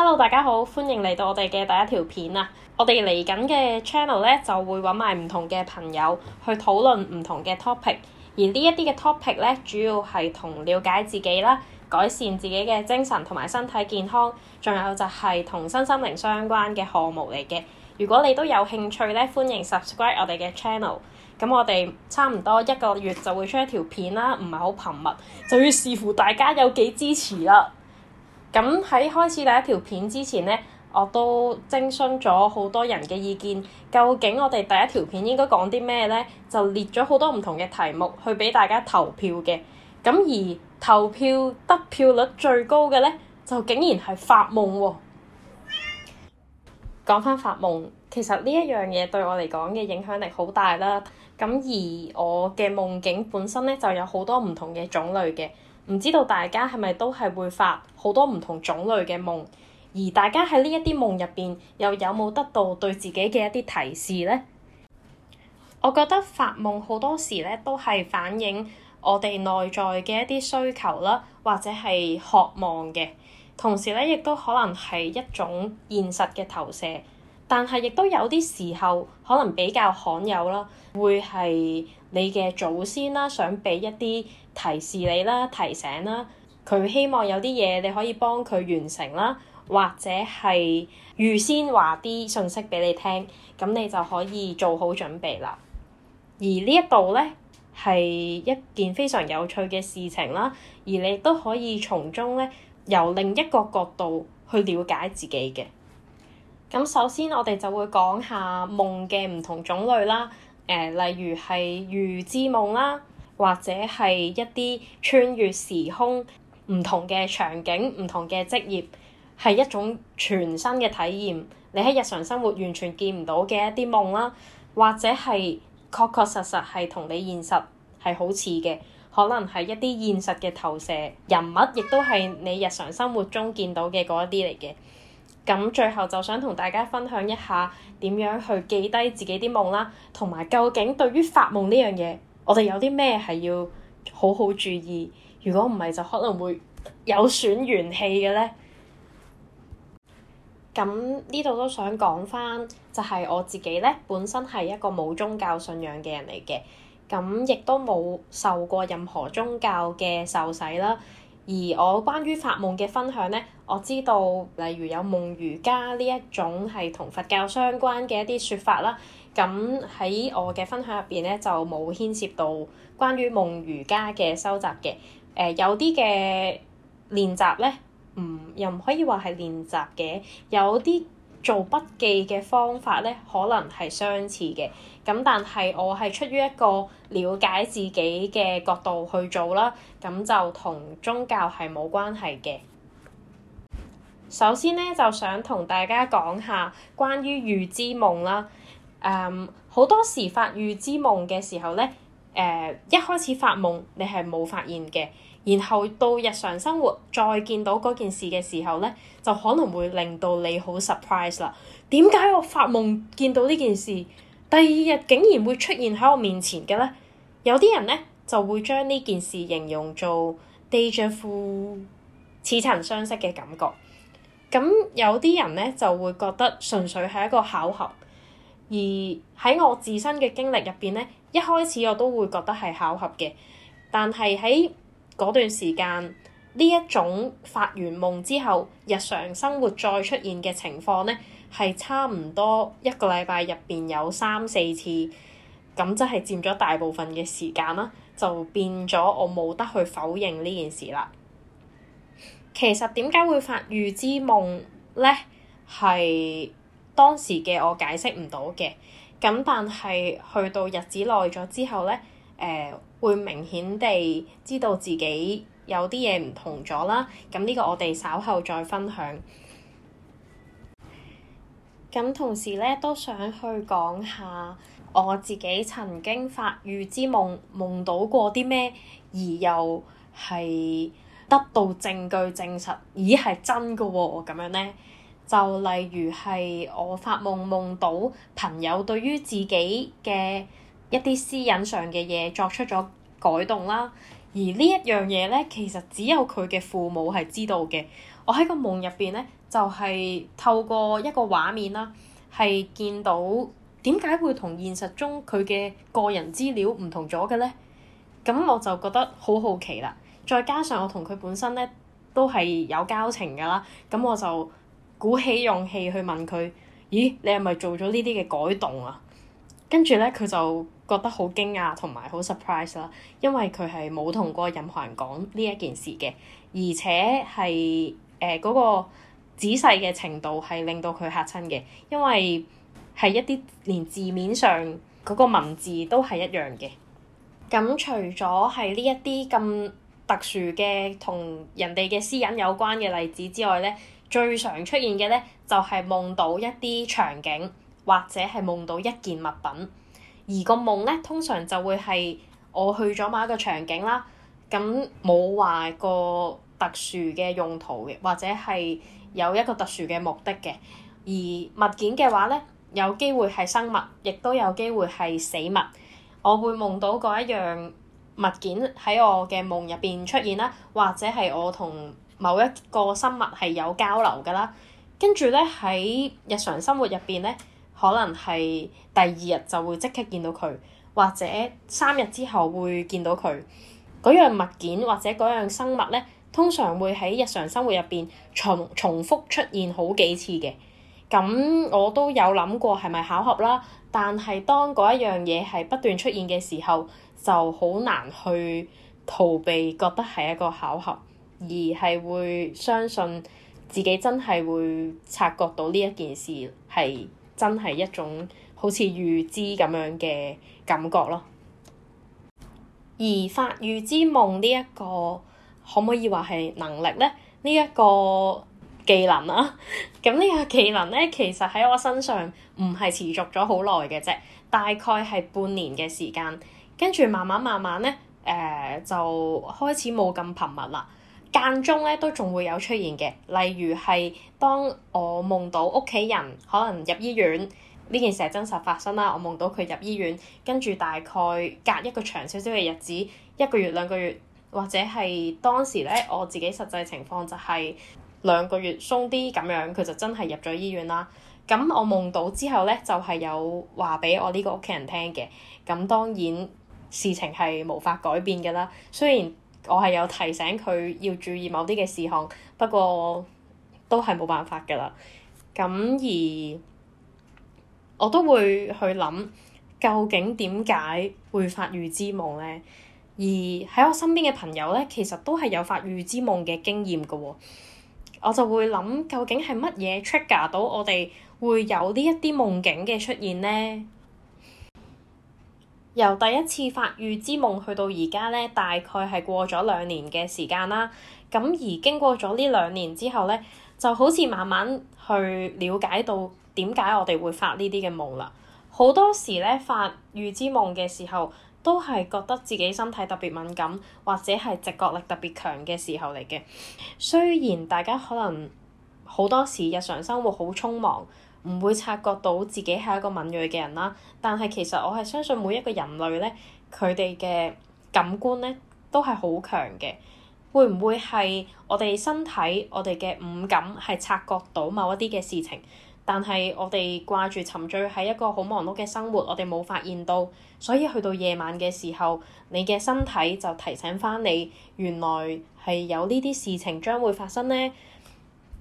Hello，大家好，歡迎嚟到我哋嘅第一條片啊！我哋嚟緊嘅 channel 咧，就會揾埋唔同嘅朋友去討論唔同嘅 topic，而呢一啲嘅 topic 咧，主要係同了解自己啦，改善自己嘅精神同埋身體健康，仲有就係同身心靈相關嘅項目嚟嘅。如果你都有興趣咧，歡迎 subscribe 我哋嘅 channel。咁我哋差唔多一個月就會出一條片啦，唔係好頻密，就要視乎大家有幾支持啦。咁喺開始第一條片之前呢，我都徵詢咗好多人嘅意見。究竟我哋第一條片應該講啲咩呢？就列咗好多唔同嘅題目去俾大家投票嘅。咁而投票得票率最高嘅呢，就竟然係發夢喎、哦。講翻發夢，其實呢一樣嘢對我嚟講嘅影響力好大啦。咁而我嘅夢境本身呢，就有好多唔同嘅種類嘅，唔知道大家係咪都係會發？好多唔同種類嘅夢，而大家喺呢一啲夢入邊又有冇得到對自己嘅一啲提示呢？我覺得發夢好多時咧都係反映我哋內在嘅一啲需求啦，或者係渴望嘅，同時咧亦都可能係一種現實嘅投射，但係亦都有啲時候可能比較罕有啦，會係你嘅祖先啦，想俾一啲提示你啦、提醒啦。佢希望有啲嘢你可以幫佢完成啦，或者係預先話啲信息俾你聽，咁你就可以做好準備啦。而呢一度呢，係一件非常有趣嘅事情啦，而你都可以從中呢，由另一個角度去了解自己嘅。咁首先我哋就會講下夢嘅唔同種類啦，誒、呃、例如係預知夢啦，或者係一啲穿越時空。唔同嘅場景，唔同嘅職業，係一種全新嘅體驗。你喺日常生活完全見唔到嘅一啲夢啦，或者係確確實實係同你現實係好似嘅，可能係一啲現實嘅投射人物，亦都係你日常生活中見到嘅嗰一啲嚟嘅。咁最後就想同大家分享一下點樣去記低自己啲夢啦，同埋究竟對於發夢呢樣嘢，我哋有啲咩係要好好注意？如果唔係，就可能會有損元氣嘅咧。咁呢度都想講返，就係我自己咧，本身係一個冇宗教信仰嘅人嚟嘅，咁亦都冇受過任何宗教嘅受洗啦。而我關於發夢嘅分享呢，我知道例如有夢瑜伽呢一種係同佛教相關嘅一啲説法啦。咁喺我嘅分享入邊呢，就冇牽涉到關於夢瑜伽嘅收集嘅。誒、呃、有啲嘅練習咧，唔又唔可以話係練習嘅。有啲做筆記嘅方法咧，可能係相似嘅。咁但係我係出於一個了解自己嘅角度去做啦，咁就同宗教係冇關係嘅。首先咧，就想同大家講下關於預知夢啦。誒、嗯，好多時發預知夢嘅時候咧，誒、呃、一開始發夢你係冇發現嘅。然後到日常生活再見到嗰件事嘅時候呢，就可能會令到你好 surprise 啦。點解我發夢見到呢件事，第二日竟然會出現喺我面前嘅呢？有啲人呢，就會將呢件事形容做 déjà vu 似曾相識嘅感覺。咁有啲人呢，就會覺得純粹係一個巧合。而喺我自身嘅經歷入邊呢，一開始我都會覺得係巧合嘅，但係喺嗰段時間，呢一種發完夢之後，日常生活再出現嘅情況呢，係差唔多一個禮拜入邊有三四次，咁即係佔咗大部分嘅時間啦，就變咗我冇得去否認呢件事啦。其實點解會發預知夢呢？係當時嘅我解釋唔到嘅，咁但係去到日子耐咗之後呢。誒會明顯地知道自己有啲嘢唔同咗啦，咁呢個我哋稍後再分享。咁同時咧，都想去講下我自己曾經發預知夢，夢到過啲咩，而又係得到證據證實，咦係真噶喎、哦？咁樣呢，就例如係我發夢夢到朋友對於自己嘅。一啲私隱上嘅嘢作出咗改動啦，而呢一樣嘢咧，其實只有佢嘅父母係知道嘅。我喺個夢入邊咧，就係透過一個畫面啦，係見到點解會同現實中佢嘅個人資料唔同咗嘅咧？咁我就覺得好好奇啦。再加上我同佢本身咧都係有交情㗎啦，咁我就鼓起勇氣去問佢：咦，你係咪做咗呢啲嘅改動啊？跟住咧，佢就。覺得好驚訝同埋好 surprise 啦，因為佢係冇同過任何人講呢一件事嘅，而且係誒嗰個仔細嘅程度係令到佢嚇親嘅，因為係一啲連字面上嗰個文字都係一樣嘅。咁除咗係呢一啲咁特殊嘅同人哋嘅私隱有關嘅例子之外咧，最常出現嘅咧就係夢到一啲場景或者係夢到一件物品。而個夢咧，通常就會係我去咗某一個場景啦，咁冇話個特殊嘅用途嘅，或者係有一個特殊嘅目的嘅。而物件嘅話咧，有機會係生物，亦都有機會係死物。我會夢到嗰一樣物件喺我嘅夢入邊出現啦，或者係我同某一個生物係有交流噶啦。跟住咧，喺日常生活入邊咧。可能係第二日就會即刻見到佢，或者三日之後會見到佢嗰樣物件，或者嗰樣生物咧，通常會喺日常生活入邊重重複出現好幾次嘅。咁我都有諗過係咪巧合啦，但係當嗰一樣嘢係不斷出現嘅時候，就好難去逃避，覺得係一個巧合，而係會相信自己真係會察覺到呢一件事係。真係一種好似預知咁樣嘅感覺咯。而發預知夢呢一個可唔可以話係能力呢？呢、這、一個技能啦、啊，咁 呢個技能呢，其實喺我身上唔係持續咗好耐嘅啫，大概係半年嘅時間，跟住慢慢慢慢呢，誒、呃、就開始冇咁頻密啦。間中咧都仲會有出現嘅，例如係當我夢到屋企人可能入醫院呢件事係真實發生啦，我夢到佢入醫院，跟住大概隔一個長少少嘅日子，一個月兩個月，或者係當時咧我自己實際情況就係、是、兩個月鬆啲咁樣，佢就真係入咗醫院啦。咁我夢到之後咧，就係、是、有話俾我呢個屋企人聽嘅。咁當然事情係無法改變嘅啦，雖然。我係有提醒佢要注意某啲嘅事項，不過都係冇辦法㗎啦。咁而我都會去諗究竟點解會發預知夢呢？而喺我身邊嘅朋友呢，其實都係有發預知夢嘅經驗嘅喎。我就會諗究竟係乜嘢 trigger 到我哋會有呢一啲夢境嘅出現呢？由第一次發預知夢去到而家咧，大概係過咗兩年嘅時間啦。咁而經過咗呢兩年之後咧，就好似慢慢去了解到點解我哋會發呢啲嘅夢啦。好多時咧，發預知夢嘅時候，都係覺得自己身體特別敏感，或者係直覺力特別強嘅時候嚟嘅。雖然大家可能好多時日常生活好匆忙。唔會察覺到自己係一個敏鋭嘅人啦，但係其實我係相信每一個人類呢，佢哋嘅感官呢都係好強嘅。會唔會係我哋身體、我哋嘅五感係察覺到某一啲嘅事情，但係我哋掛住沉醉喺一個好忙碌嘅生活，我哋冇發現到，所以去到夜晚嘅時候，你嘅身體就提醒翻你，「原來係有呢啲事情將會發生呢。」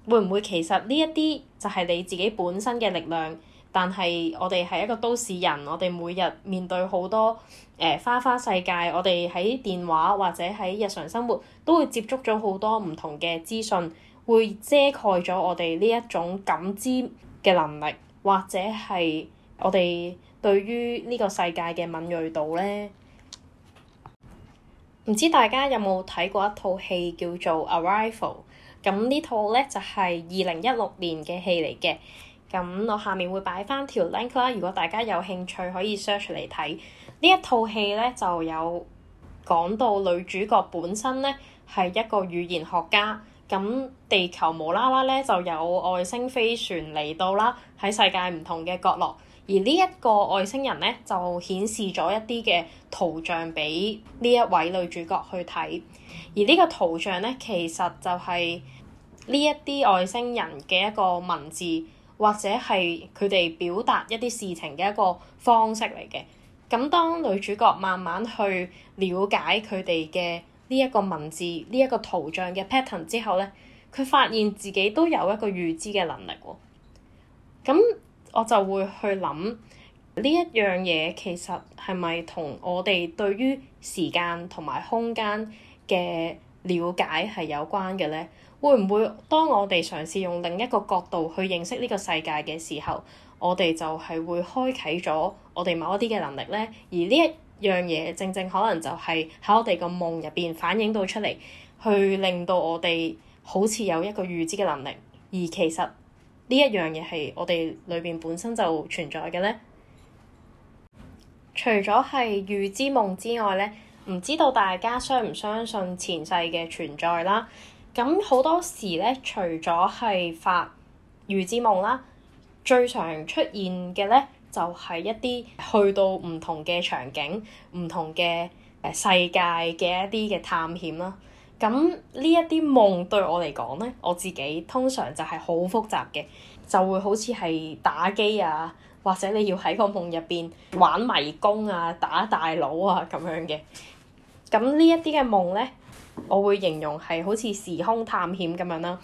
會唔會其實呢一啲就係你自己本身嘅力量？但係我哋係一個都市人，我哋每日面對好多、呃、花花世界，我哋喺電話或者喺日常生活都會接觸咗好多唔同嘅資訊，會遮蓋咗我哋呢一種感知嘅能力，或者係我哋對於呢個世界嘅敏鋭度呢？唔知大家有冇睇過一套戲叫做《Arrival》？咁呢套咧就係二零一六年嘅戲嚟嘅，咁我下面會擺翻條 link 啦，如果大家有興趣，可以 search 嚟睇。呢一套戲咧就有講到女主角本身咧係一個語言學家，咁地球無啦啦咧就有外星飛船嚟到啦，喺世界唔同嘅角落。而呢一個外星人咧，就顯示咗一啲嘅圖像俾呢一位女主角去睇。而呢個圖像咧，其實就係呢一啲外星人嘅一個文字，或者係佢哋表達一啲事情嘅一個方式嚟嘅。咁當女主角慢慢去了解佢哋嘅呢一個文字、呢一個圖像嘅 pattern 之後咧，佢發現自己都有一個預知嘅能力喎。咁我就會去諗呢一樣嘢，其實係咪同我哋對於時間同埋空間嘅了解係有關嘅呢？會唔會當我哋嘗試用另一個角度去認識呢個世界嘅時候，我哋就係會開啟咗我哋某一啲嘅能力呢？而呢一樣嘢，正正可能就係喺我哋個夢入邊反映到出嚟，去令到我哋好似有一個預知嘅能力，而其實，呢一樣嘢係我哋裏邊本身就存在嘅呢，除咗係預知夢之外呢，唔知道大家相唔相信前世嘅存在啦。咁好多時呢，除咗係發預知夢啦，最常出現嘅呢就係一啲去到唔同嘅場景、唔同嘅世界嘅一啲嘅探險啦。咁呢一啲夢對我嚟講咧，我自己通常就係好複雜嘅，就會好似係打機啊，或者你要喺個夢入邊玩迷宮啊、打大佬啊咁樣嘅。咁呢一啲嘅夢咧，我會形容係好似時空探險咁樣啦。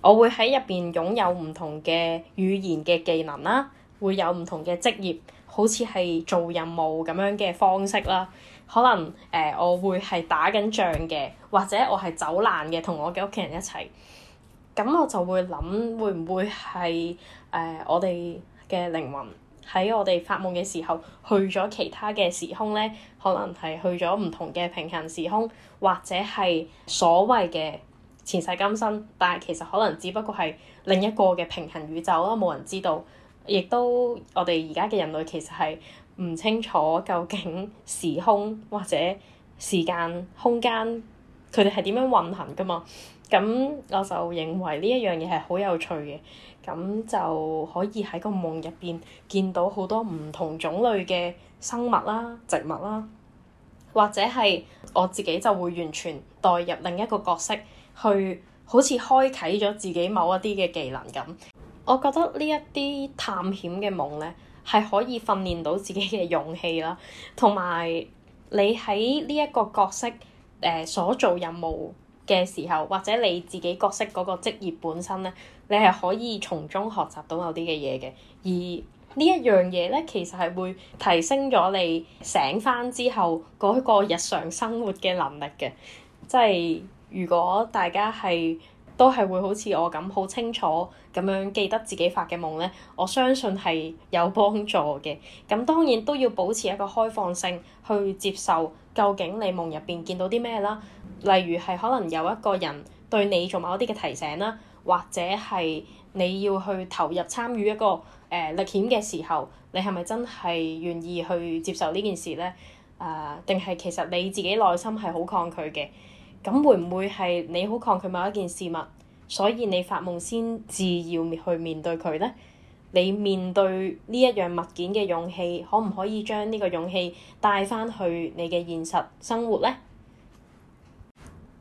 我會喺入邊擁有唔同嘅語言嘅技能啦，會有唔同嘅職業，好似係做任務咁樣嘅方式啦。可能誒、呃、我會係打緊仗嘅，或者我係走難嘅，同我嘅屋企人一齊。咁我就會諗，會唔會係誒、呃、我哋嘅靈魂喺我哋發夢嘅時候去咗其他嘅時空呢？可能係去咗唔同嘅平行時空，或者係所謂嘅前世今生，但係其實可能只不過係另一個嘅平行宇宙囉，冇人知道。亦都我哋而家嘅人類其實係唔清楚究竟時空或者時間空間佢哋係點樣運行噶嘛，咁我就認為呢一樣嘢係好有趣嘅，咁就可以喺個夢入邊見到好多唔同種類嘅生物啦、植物啦，或者係我自己就會完全代入另一個角色，去好似開啟咗自己某一啲嘅技能咁。我覺得呢一啲探險嘅夢呢。係可以訓練到自己嘅勇氣啦，同埋你喺呢一個角色誒所做任務嘅時候，或者你自己角色嗰個職業本身咧，你係可以從中學習到有啲嘅嘢嘅。而呢一樣嘢咧，其實係會提升咗你醒翻之後嗰個日常生活嘅能力嘅。即係如果大家係，都係會好似我咁好清楚咁樣記得自己發嘅夢呢，我相信係有幫助嘅。咁當然都要保持一個開放性去接受，究竟你夢入邊見到啲咩啦？例如係可能有一個人對你做某啲嘅提醒啦，或者係你要去投入參與一個誒、呃、歷險嘅時候，你係咪真係願意去接受呢件事呢？誒、呃，定係其實你自己內心係好抗拒嘅？咁會唔會係你好抗拒某一件事物，所以你發夢先至要去面對佢呢？你面對呢一樣物件嘅勇氣，可唔可以將呢個勇氣帶翻去你嘅現實生活呢？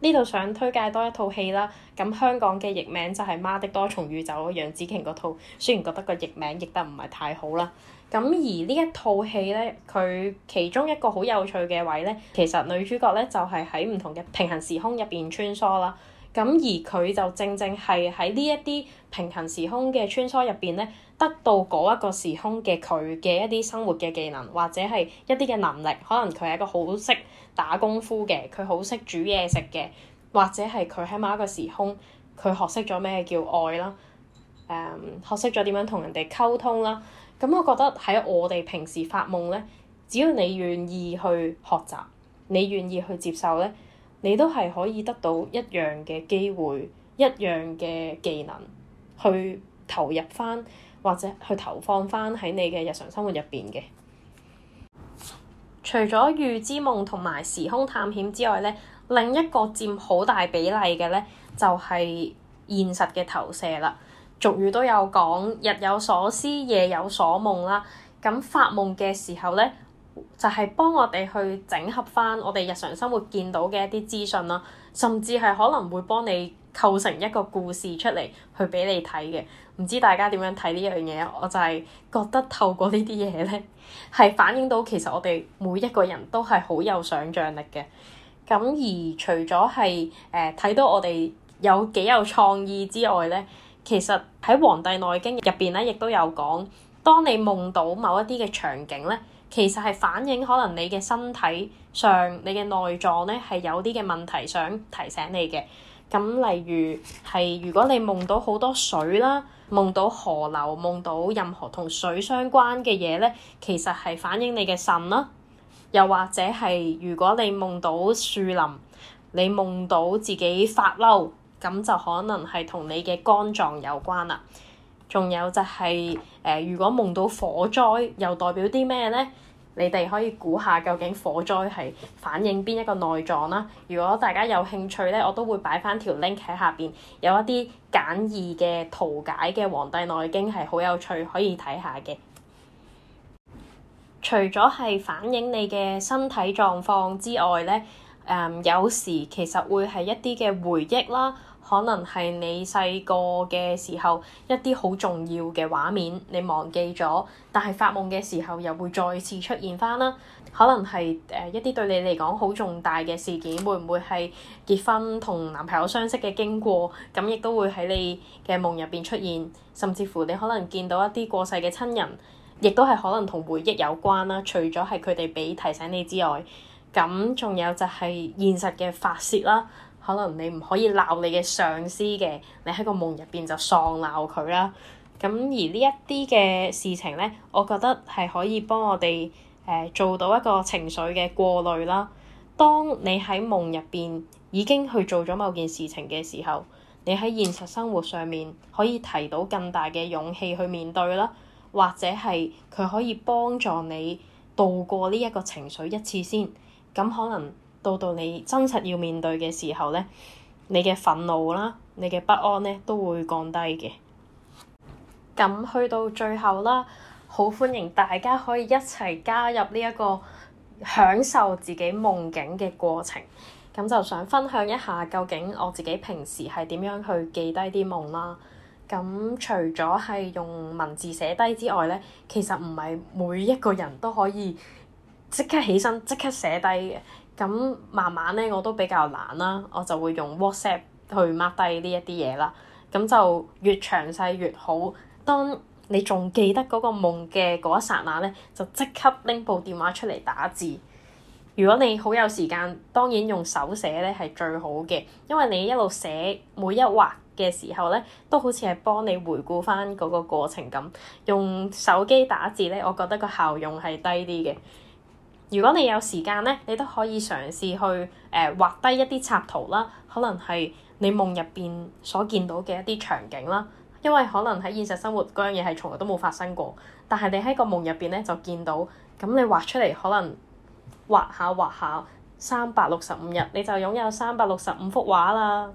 呢度、嗯、想推介多一套戲啦，咁香港嘅譯名就係、是《媽的多重宇宙》，楊紫瓊嗰套，雖然覺得個譯名譯得唔係太好啦。咁而呢一套戲呢，佢其中一個好有趣嘅位呢，其實女主角呢，就係喺唔同嘅平行時空入邊穿梭啦。咁而佢就正正係喺呢一啲平行時空嘅穿梭入邊呢，得到嗰一個時空嘅佢嘅一啲生活嘅技能，或者係一啲嘅能力。可能佢係一個好識打功夫嘅，佢好識煮嘢食嘅，或者係佢喺某一個時空佢學識咗咩叫愛啦，誒、嗯、學識咗點樣同人哋溝通啦。咁我覺得喺我哋平時發夢呢，只要你願意去學習，你願意去接受呢，你都係可以得到一樣嘅機會、一樣嘅技能，去投入翻或者去投放翻喺你嘅日常生活入邊嘅。除咗預知夢同埋時空探險之外呢，另一個佔好大比例嘅呢，就係現實嘅投射啦。俗語都有講，日有所思，夜有所夢啦。咁發夢嘅時候呢，就係幫我哋去整合返我哋日常生活見到嘅一啲資訊啦，甚至係可能會幫你構成一個故事出嚟去俾你睇嘅。唔知大家點樣睇呢樣嘢？我就係覺得透過呢啲嘢呢，係反映到其實我哋每一個人都係好有想像力嘅。咁而除咗係誒睇到我哋有幾有創意之外呢。其實喺《黃帝內經》入邊咧，亦都有講，當你夢到某一啲嘅場景咧，其實係反映可能你嘅身體上、你嘅內臟咧係有啲嘅問題想提醒你嘅。咁例如係，如果你夢到好多水啦，夢到河流，夢到任何同水相關嘅嘢咧，其實係反映你嘅腎啦。又或者係，如果你夢到樹林，你夢到自己發嬲。咁就可能係同你嘅肝臟有關啦。仲有就係、是、誒、呃，如果夢到火災，又代表啲咩呢？你哋可以估下究竟火災係反映邊一個內臟啦。如果大家有興趣咧，我都會擺翻條 link 喺下邊，有一啲簡易嘅圖解嘅《黃帝內經》係好有趣，可以睇下嘅。除咗係反映你嘅身體狀況之外咧，誒、呃、有時其實會係一啲嘅回憶啦。可能係你細個嘅時候一啲好重要嘅畫面，你忘記咗，但係發夢嘅時候又會再次出現返啦。可能係誒一啲對你嚟講好重大嘅事件，會唔會係結婚同男朋友相識嘅經過？咁亦都會喺你嘅夢入邊出現，甚至乎你可能見到一啲過世嘅親人，亦都係可能同回憶有關啦。除咗係佢哋俾提醒你之外，咁仲有就係現實嘅發洩啦。可能你唔可以鬧你嘅上司嘅，你喺個夢入邊就喪鬧佢啦。咁而呢一啲嘅事情呢，我覺得係可以幫我哋誒、呃、做到一個情緒嘅過濾啦。當你喺夢入邊已經去做咗某件事情嘅時候，你喺現實生活上面可以提到更大嘅勇氣去面對啦，或者係佢可以幫助你度過呢一個情緒一次先。咁可能。到到你真實要面對嘅時候呢，你嘅憤怒啦，你嘅不安呢，都會降低嘅。咁去到最後啦，好歡迎大家可以一齊加入呢一個享受自己夢境嘅過程。咁就想分享一下，究竟我自己平時係點樣去記低啲夢啦。咁除咗係用文字寫低之外呢，其實唔係每一個人都可以即刻起身，即刻寫低嘅。咁慢慢咧，我都比較懶啦，我就會用 WhatsApp 去 mark 低呢一啲嘢啦。咁就越詳細越好。當你仲記得嗰個夢嘅嗰一剎那咧，就即刻拎部電話出嚟打字。如果你好有時間，當然用手寫咧係最好嘅，因為你一路寫每一畫嘅時候咧，都好似係幫你回顧返嗰個過程咁。用手機打字咧，我覺得個效用係低啲嘅。如果你有時間咧，你都可以嘗試去誒、呃、畫低一啲插圖啦，可能係你夢入邊所見到嘅一啲場景啦。因為可能喺現實生活嗰樣嘢係從來都冇發生過，但係你喺個夢入邊咧就見到，咁你畫出嚟可能畫下畫下三百六十五日，你就擁有三百六十五幅畫啦。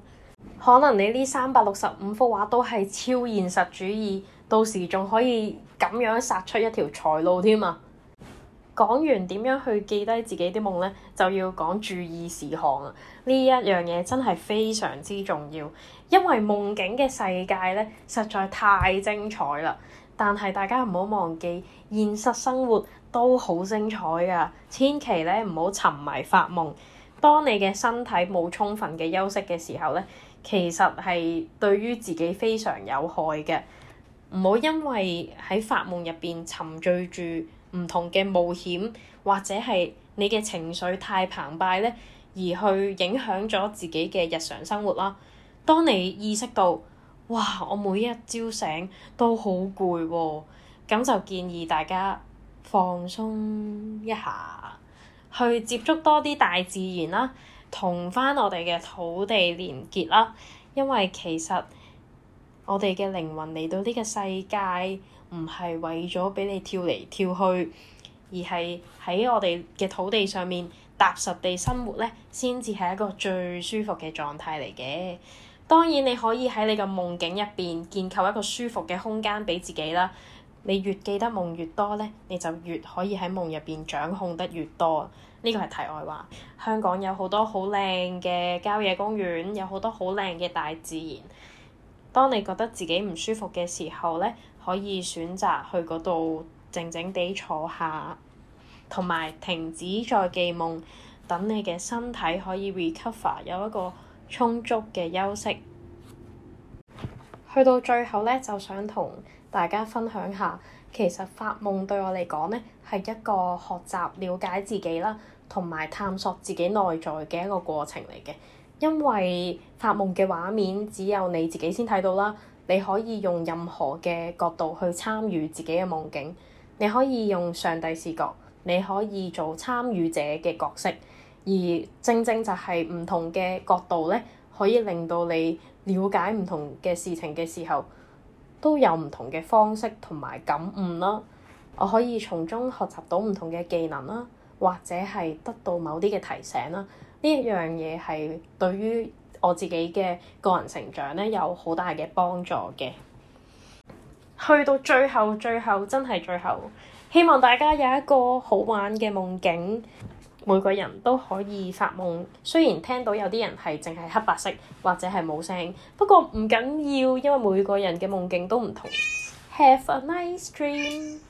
可能你呢三百六十五幅畫都係超現實主義，到時仲可以咁樣殺出一條財路添啊！講完點樣去記低自己啲夢呢，就要講注意事項啦。呢一樣嘢真係非常之重要，因為夢境嘅世界呢，實在太精彩啦。但係大家唔好忘記，現實生活都好精彩㗎，千祈咧唔好沉迷發夢。當你嘅身體冇充分嘅休息嘅時候呢，其實係對於自己非常有害嘅。唔好因為喺發夢入邊沉醉住。唔同嘅冒險，或者係你嘅情緒太澎湃呢，而去影響咗自己嘅日常生活啦。當你意識到，哇，我每一朝醒都好攰喎，咁就建議大家放鬆一下，去接觸多啲大自然啦，同翻我哋嘅土地連結啦。因為其實我哋嘅靈魂嚟到呢個世界。唔係為咗俾你跳嚟跳去，而係喺我哋嘅土地上面踏實地生活呢，先至係一個最舒服嘅狀態嚟嘅。當然你可以喺你個夢境入邊建構一個舒服嘅空間俾自己啦。你越記得夢越多呢，你就越可以喺夢入邊掌控得越多。呢個係題外話。香港有好多好靚嘅郊野公園，有好多好靚嘅大自然。當你覺得自己唔舒服嘅時候呢，可以選擇去嗰度靜靜地坐下，同埋停止再記夢，等你嘅身體可以 recover，有一個充足嘅休息。去到最後呢，就想同大家分享下，其實發夢對我嚟講呢，係一個學習了解自己啦，同埋探索自己內在嘅一個過程嚟嘅。因為發夢嘅畫面只有你自己先睇到啦。你可以用任何嘅角度去參與自己嘅夢境，你可以用上帝視角，你可以做參與者嘅角色，而正正就係唔同嘅角度呢，可以令到你了解唔同嘅事情嘅時候，都有唔同嘅方式同埋感悟啦。我可以從中學習到唔同嘅技能啦，或者係得到某啲嘅提醒啦。呢一樣嘢係對於我自己嘅個人成長咧，有好大嘅幫助嘅。去到最後，最後真係最後，希望大家有一個好玩嘅夢境，每個人都可以發夢。雖然聽到有啲人係淨係黑白色或者係冇聲，不過唔緊要，因為每個人嘅夢境都唔同。Have a nice dream.